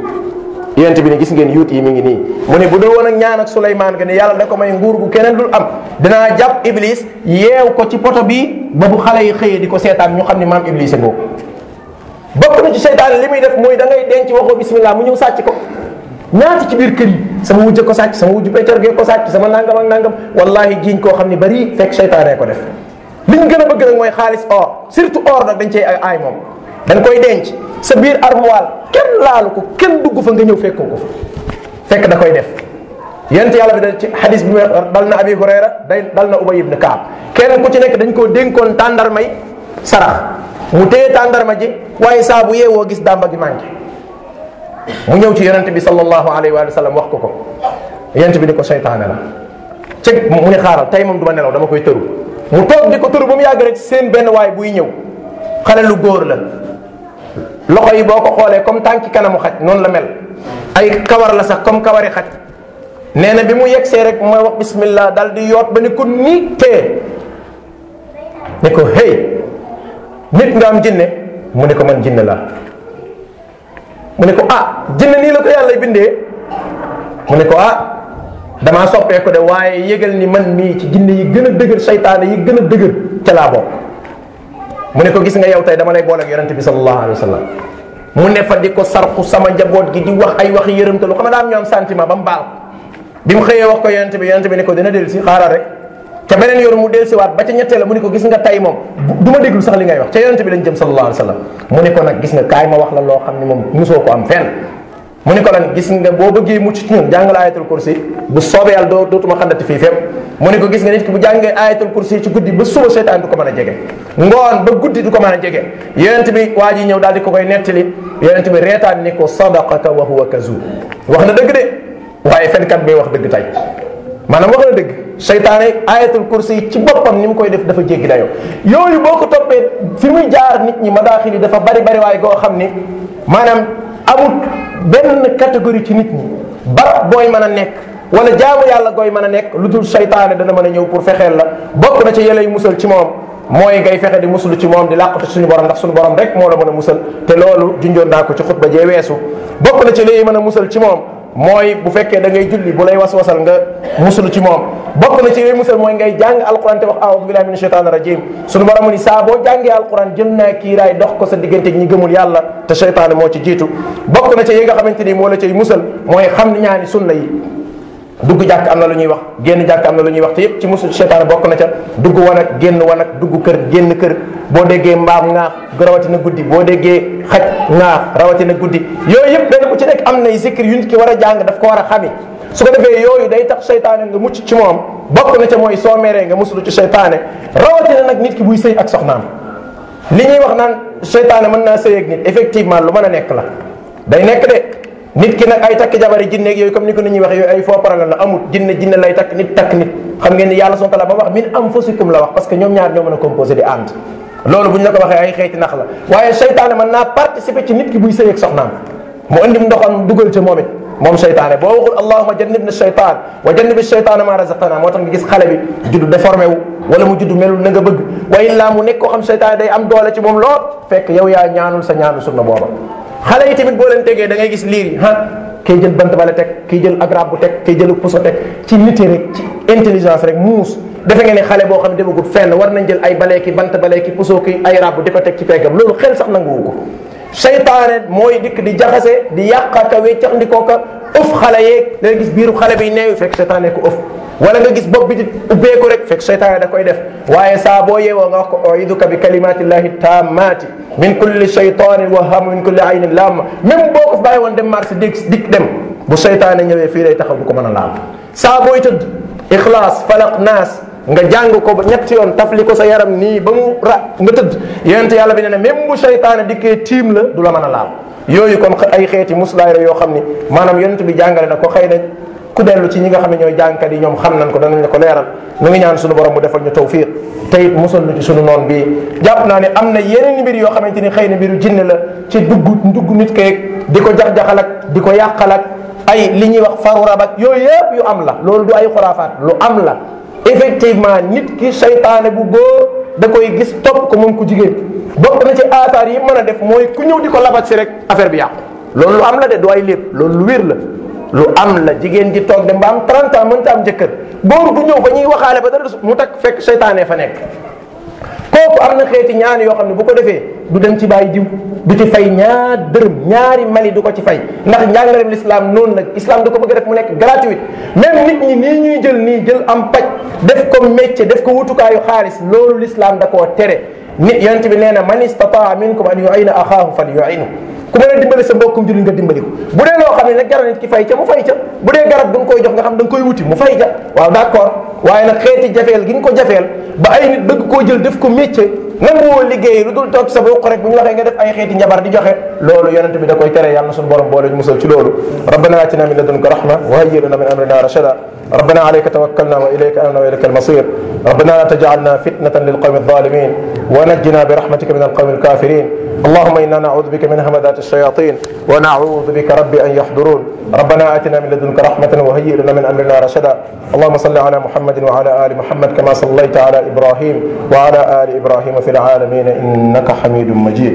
yent bi ne gis ngeen yuut yi mi ngi nii mu ne bu dul woon ak ñaan ak Suleymaan ga ne yàlla da ko may nguur gu keneen dul am dinaa jàpp Iblis yeew ko ci poto bi ba bu xale yi xëyee di ko seetaan ñu xam ne maam Iblis a bokk na ci seytaane li muy def mooy da ngay denc waxoo bismillah mu ñëw sàcc ko ñaata ci biir kër yi sama wujj ko sàcc sama wujj péter gee ko sàcc sama nangam ak nangam wallahi jiiñ ko xam ne bari fekk seytaane ko def li ñu gën a bëgg nag mooy xaalis or surtout or nag dañ cey aay moom da koy denc sa biir armoire kenn laalu ko kenn dugg fa nga ñëw fekkoo ko fa fekk da koy def yent yàlla bi da ci hadis bi dal na abi hurayra day dal na ubay ibn kaab kenn ku ci nekk dañ koo dénkoon tàndarmay sarax mu téye tàndarma ji waaye saabu bu yeewoo gis dàmba gi manqué mu ñëw ci yonent bi sallallahu alayhi wa sallam wax ko ko yonent bi ni ko seytaane la ci mu ne xaaral tey moom du ma nelaw dama koy tëru mu toog di ko tëru ba mu yàgg rek seen benn waay buy ñëw xale lu góor la loxo yi boo ko xoolee comme tànki kanamu xaj noonu la mel ay kawar la sax comme kawari xaj nee na bi mu see rek mooy wax bismillah dal di yoot ba ni ko nii tee ni ko hey nit nga am jinne mu ne ko man jinne laa mu ne ko ah jinne nii la ko yàlla bindee mu ne ko ah damaa soppee ko de waaye yëgal ni man mii ci jinne yi gën a dëgër saytaane yi gën a dëgër ca laa bokk mu ne ko gis nga yow tey dama lay boole ak yonente bi sallallahu alayhi wa sallam mu ne fa di ko sarxu sama njaboot gi wax ay waxi yërëmtalu xam nga daa am ñoo am sentiment ba mu baal bi mu xëyee wax ko yonente bi yonente bi ne ko dana dellu si xaaral rek ca beneen yoon mu dellusiwaat ba ca ñetteel mu ne ko gis nga tay moom du ma déglu sax li ngay wax ca yonente bi lañ jëm sallallahu alayhi wa sallam mu ne ko nag gis nga kaay ma wax la loo xam ne moom musoo ko am fenn mu ne ko lan gis nga boo bëggee mucc ci ñun jàngal ayatul kursi bu soobee yàlla doo dootuma xandati fii fépp mu ne ko gis nga nit bu jàngee ayatul kursi ci guddi ba suba seytaan du ko mën a jege ngoon ba guddi du ko mën a jege yonente bi waa ji ñëw daal di ko koy nettali yonente bi reetaan ni ko sadaqaka wa huwa kazu wax na dëgg de waaye fenkat bi wax dëgg tay maanaam wax na dëgg seytaane ayatul kursi ci boppam ni mu koy def dafa jéggi dayoo yooyu boo ko toppee fi muy jaar nit ñi madaaxil yi dafa bari bari waaye goo xam ni maanaam abut benn catégorie ci nit ñi barab booy mën a nekk wala jaamu yàlla gooy mën a nekk lu tul seytaane dana mën a ñëw pour fexeel la bokk na ci yelay musal ci moom mooy ngay fexe di muslu ci moom di làqatu suñu borom ndax suñu borom rek moo la mën a musal te loolu junjoon naa ko ci xutba jee weesu bokk na ci a musal ci moom mooy bu fekkee da ngay julli bu lay waswasal nga musulu ci moom bokk na ci yooyu musal mooy ngay jàng alquran te wax aoudu billahi min shaytan su suñu borom ni saa boo jàngee alquran jël naa kiiraay dox ko sa diggante ñi gëmul yàlla te shaytaan moo ci jiitu bokk na ci yi nga xamante ni moo la cay musal mooy xam ñaani sunna lay dugg jàkk am na lu ñuy wax génn jàkk am na lu ñuy wax te yépp ci musu seytaane bokk na ca dugg wanag génn wanag dugg kër génn kër boo déggee mbaam ŋaax rawatina guddi boo déggee xaj ŋaax rawatina guddi yooyu yëpp benn ku ci nekk am nay zikir yu nit ki war a jàng daf ko war a xami su ko defee yooyu day tax seytaane nga mucc ci moom bokk na ca mooy soo meree nga musulu ci seytaane rawatina nag nit ki buy sëy ak soxnaam li ñuy wax naan seytaane mën naa sëy ak effectivement lu mën a nekk la day nekk nit ki nag ay takk jabari jinne ak yooyu comme ni ko nit ñuy waxee yooyu ay faux problème la amut jinne jinne lay takk nit takk nit xam ngeen a ay xeeti nax la nit ki buy sëy ak soxnaam mu indi ndoxam dugal ca moom it moom seytaane boo waxul allahuma jannibna seytaan wa jannibi seytaana ma razaqana moo tax nga gis xale bi judd déformé wu wala mu judd melul na nga bëgg wa illaa mu nekk am doole ci moom lool fekk yow yaa ñaanul sa ñaanu sunna booba xale yi tamit boo leen tegee dangay gis liir yi ah kii jël bant bala teg kii jël agrab bu teg kii jël puso teg ci nite rek ci intelligence rek muus defe nga ne xale boo xam ne demagul fenn war nañ jël ay balee ki bant balee ki puso ki ay rab di ko teg ci peggam loolu xel sax nanguwu ko seytaane mooy dikk di jaxase di yàq ka weccax ndikoo ka ëf xale yeeg da gis biiru xale bi neewi fekk seytaane ko ëf wala nga gis bopp bi di ubbeeku rek fekk seytaane da koy def waaye saa boo yeewoo nga wax ko oiduka bi kalimatillahi tammati min kulli shaytanin waham min kulli aynin lamma même boo ko bàyyi woon dem marché di dik dem bu seytaane ñëwee fii lay taxaw ko mën a laal saa booy tëdd ixlaas falaq naas nga jàng ko ba ñetti yoon tafli ko sa yaram nii ba mu ra nga tëdd yonent yàlla bi ne ne même bu seytaane dikkee tiim la du la mën a laal yooyu kon ay xeeti muslaay la yoo xam ni maanaam yonent bi jàngale na ko xëy na ku dellu ci ñi nga xam ne ñooy jàngkat yi ñoom xam nañ ko danañ la ko leeral ñu ngi ñaan suñu borom mu defal ñu tawfiq te it musal lu ci suñu noon bi jàpp naa ne am na yeneen mbir yoo xamante ni xëy na mbiru jinne la ci dugg dugg nit keeg di ko jax-jaxal di ko yàqal ay li ñuy wax faru rab yooyu yëpp yu am la loolu ay xuraafaat lu am la effectivement nit ki saytaane bu góor da koy gis topp ko moom ko jigéen bokk na ci aataar yi mën a def mooy ku ñëw di ko labat si rek affaire bi yàqu loolu lu am la de du ay lépp loolu lu wér la lu am la jigéen ji toog dem ba am 30 ans mënta am jëkkër góor gu ñëw ba ñuy waxaale ba dara mu takk fekk seytaane fa nekk kooku am na xeeti ñaan yoo xam ne bu ko defee du dem ci bàyyi jiw du ci fay ñaar dërëm ñaari mali du ko ci fay ndax njàngareem lislaam noonu nag islam da ko bëgg def mu nekk gratuit même nit ñi nii ñuy jël nii jël am paj def ko métier def ko wutukaayu xaalis loolu lislaam da koo tere nit yonent bi nee na man istataa minkum an yu'ina axaahu fal yu'inu ku mën a dimbali sa mbokkum jullit nga dimbali ko bu dee loo xam ne nag jaral nit ki fay ca mu fay ca bu dee garab bi koy jox nga xam da nga koy wuti mu fay ca waaw d'accord waaye nag xeeti jafeel gi nga ko jafeel ba ay nit bëgg koo jël def ko métier nanguwoo liggéey lu dul toog sa bopp rek bu ñu waxee nga def ay xeeti njabar di joxe loolu yonent bi da koy tere yàlla na suñu borom boole ñu musal ci loolu rabbana atina min ladunka rahma wa hayyi lana min amrina rashada ربنا عليك توكلنا وإليك أمنا وإليك المصير ربنا لا تجعلنا فتنة للقوم الظالمين ونجنا برحمتك من القوم الكافرين اللهم إنا نعوذ بك من همدات الشياطين ونعوذ بك رب أن يحضرون ربنا آتنا من لدنك رحمة وهيئ لنا من أمرنا رشدا اللهم صل على محمد وعلى آل محمد كما صليت على إبراهيم وعلى آل إبراهيم fi l aalamiina innaka xamidun majid